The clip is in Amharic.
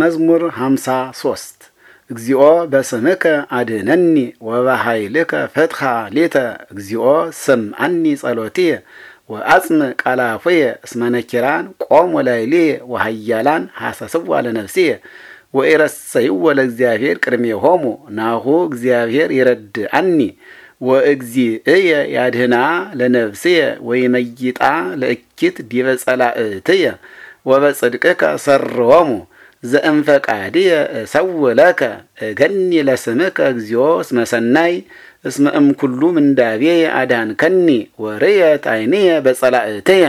መዝሙር 53 እግዚኦ በስምከ አድህነኒ ወበኃይልከ ፈትኻ ሌተ እግዚኦ አኒ ጸሎትየ ወአጽም ቃላፎየ እስመ ነኪራን ቆም ላዕልየ ወሃያላን ሐሰስዋ ለነፍስየ ወኢረሰይዎ ለእግዚአብሔር ቅድሜሆሙ ናሁ እግዚአብሔር ይረድአኒ እየ ያድህና ለነፍስየ ወይመይጣ ለእኪት ዲበ ጸላእትየ ወበጽድቅከ ሰርወሙ ዘእንፈቃድየ እሰውዕ ለከ እገኒ ለስምከ እግዚኦ እስመ ሰናይ እስመ እምኩሉ ምንዳቤ አዳንከኒ ወርየ ዐይንየ በጸላእትየ